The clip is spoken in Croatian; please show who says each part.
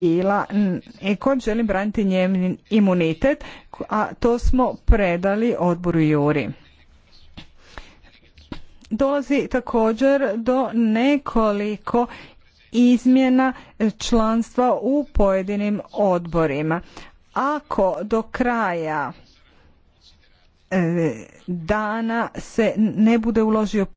Speaker 1: bila i e, kod želim braniti njen imunitet, a to smo predali odboru Juri. Dolazi također do nekoliko izmjena članstva u pojedinim odborima. Ako do kraja e, dana se ne bude uložio